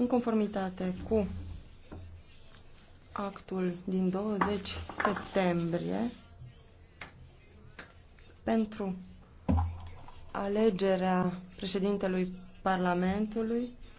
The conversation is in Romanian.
În conformitate cu actul din 20 septembrie pentru alegerea președintelui Parlamentului